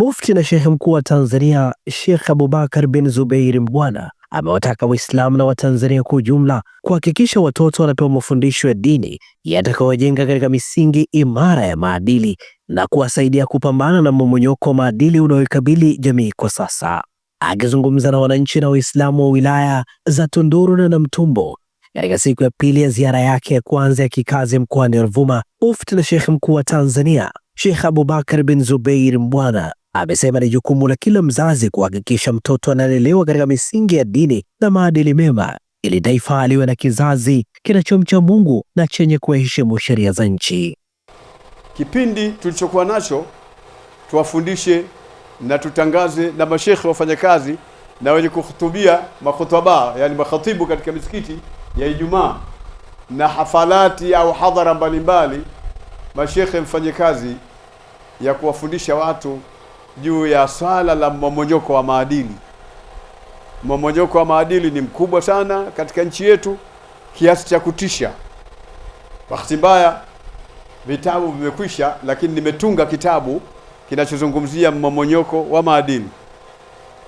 Mufti na Shehe Mkuu wa Tanzania Sheikh Abubakar bin Zubeir Mbwana amewataka Waislamu na Watanzania kwa ujumla kuhakikisha watoto wanapewa mafundisho ya dini yatakayojenga katika misingi imara ya maadili na kuwasaidia kupambana na mmomonyoko wa maadili unaoikabili jamii kwa sasa. Akizungumza na wananchi na Waislamu wa wilaya za Tunduru na Namtumbo katika siku ya pili ya ziara yake ya kwanza ya kikazi mkoani Ruvuma, Mufti na Sheikh Mkuu wa Tanzania Sheikh Abubakar bin Zubeir Mbwana Amesema ni jukumu la kila mzazi kuhakikisha mtoto analelewa katika misingi ya dini na maadili mema ili taifa aliwe na kizazi kinachomcha Mungu na chenye kuheshimu sheria za nchi. Kipindi tulichokuwa nacho tuwafundishe na tutangaze na mashekhe wafanyakazi na wenye kuhutubia makhutaba, yani makhatibu katika misikiti ya Ijumaa na hafalati au hadhara mbalimbali, mashekhe mfanye kazi ya kuwafundisha watu juu ya swala la mmomonyoko wa maadili. Mmomonyoko wa maadili ni mkubwa sana katika nchi yetu kiasi cha kutisha. Bahati mbaya vitabu vimekwisha, lakini nimetunga kitabu kinachozungumzia mmomonyoko wa maadili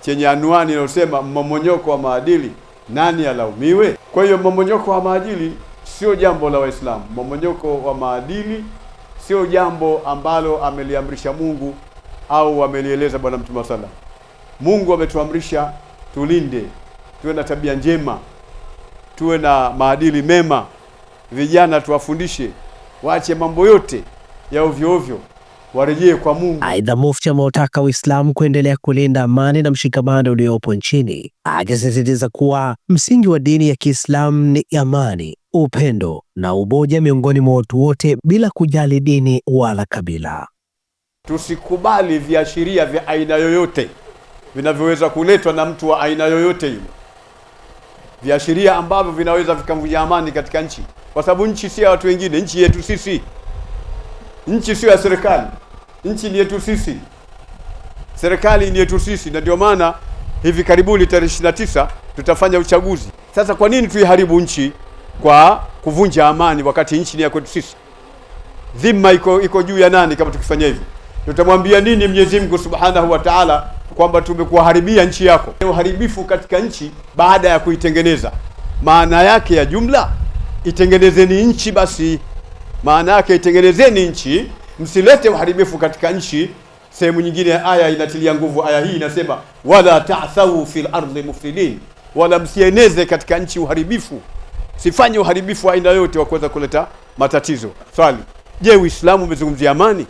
chenye anwani inayosema mmomonyoko wa maadili, nani alaumiwe? Kwa hiyo mmomonyoko wa maadili sio jambo la Waislamu. Mmomonyoko wa maadili sio jambo ambalo ameliamrisha Mungu au wamelieleza Bwana Mtume wa sala. Mungu ametuamrisha tulinde, tuwe na tabia njema, tuwe na maadili mema. Vijana tuwafundishe waache mambo yote ya ovyo ovyo, warejee kwa Mungu. Aidha, Mufti ameutaka Uislamu kuendelea kulinda amani na mshikamano uliopo nchini, akisisitiza kuwa msingi wa dini ya Kiislamu ni amani, upendo na umoja miongoni mwa watu wote bila kujali dini wala kabila. Tusikubali viashiria vya aina yoyote vinavyoweza kuletwa na mtu wa aina yoyote yule, viashiria ambavyo vinaweza vikavunja amani katika nchi, kwa sababu nchi si ya watu wengine, nchi yetu sisi. Nchi sio ya serikali, nchi ni yetu sisi, serikali ni yetu sisi. Na ndio maana hivi karibuni tarehe 29 tutafanya uchaguzi. Sasa kwa nini tuiharibu nchi kwa kuvunja amani, wakati nchi ni ya kwetu sisi? Dhima iko iko juu ya nani kama tukifanya hivyo tutamwambia nini Mwenyezi Mungu Subhanahu wa Ta'ala kwamba tumekuharibia nchi yako. Uharibifu katika nchi baada ya kuitengeneza, maana yake ya jumla, itengenezeni nchi basi. Maana yake itengenezeni nchi, msilete uharibifu katika nchi. Sehemu nyingine ya aya inatilia nguvu aya hii, inasema wala ta'thau fil ardi mufsidin, wala msieneze katika nchi uharibifu. Sifanye uharibifu aina yote wa kuweza kuleta matatizo. Swali, je, Uislamu umezungumzia amani?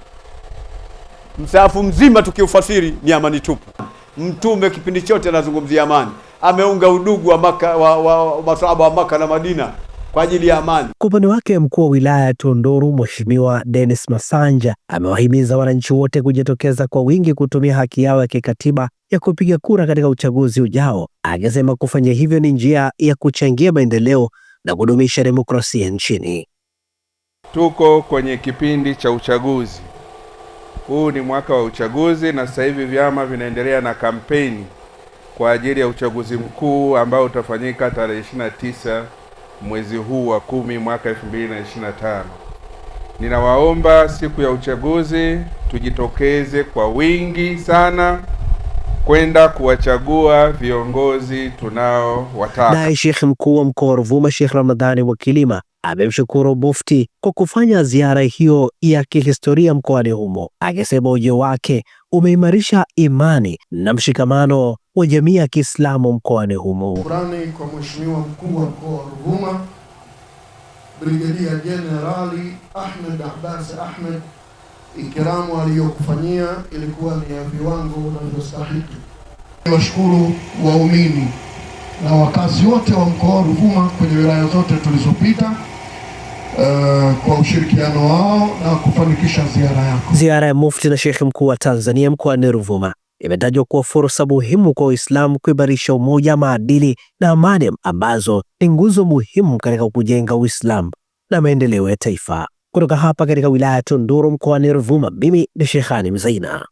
msaafu mzima tukiufasiri ni amani tupu. Mtume kipindi chote anazungumzia amani, ameunga udugu wa Maka, wa, wa, masahaba wa Maka na Madina kwa ajili ya amani. Kwa upande wake mkuu wa wilaya ya Tunduru Mheshimiwa Dennis Masanja amewahimiza wananchi wote kujitokeza kwa wingi kutumia haki yao ya kikatiba ya kupiga kura katika uchaguzi ujao, akisema kufanya hivyo ni njia ya kuchangia maendeleo na kudumisha demokrasia nchini. Tuko kwenye kipindi cha uchaguzi huu ni mwaka wa uchaguzi, na sasa hivi vyama vinaendelea na kampeni kwa ajili ya uchaguzi mkuu ambao utafanyika tarehe 29 mwezi huu wa kumi mwaka 2025. Ninawaomba siku ya uchaguzi tujitokeze kwa wingi sana kwenda kuwachagua viongozi tunao Naye Sheikh mkuu wa mkoa wa Ruvuma Sheikh Ramadhani Mwakilima amemshukuru Mufti kwa kufanya ziara hiyo ya kihistoria mkoani humo, akisema ujio wake umeimarisha imani na mshikamano wa jamii ya Kiislamu mkoani humo. Shukrani kwa Mheshimiwa Mkuu wa Mkoa wa Ruvuma Brigedia Jenerali Ahmed Abbas Ahmed, ikiramu aliyokufanyia ilikuwa ni ya viwango unavyostahiki. Niwashukuru waumini na wakazi wote wa mkoa wa Ruvuma kwenye wilaya zote tulizopita. Eh, kwa ushirikiano wao na kufanikisha ziara yako. Ziara ya Mufti na Shekhe Mkuu wa Tanzania mkoani Ruvuma imetajwa kuwa fursa muhimu kwa Waislamu kuimarisha umoja, maadili na amani ambazo ni nguzo muhimu katika kujenga Uislamu na maendeleo ya taifa. Kutoka hapa katika wilaya ya Tunduru mkoani Ruvuma, mimi ni Shekhani Mzaina.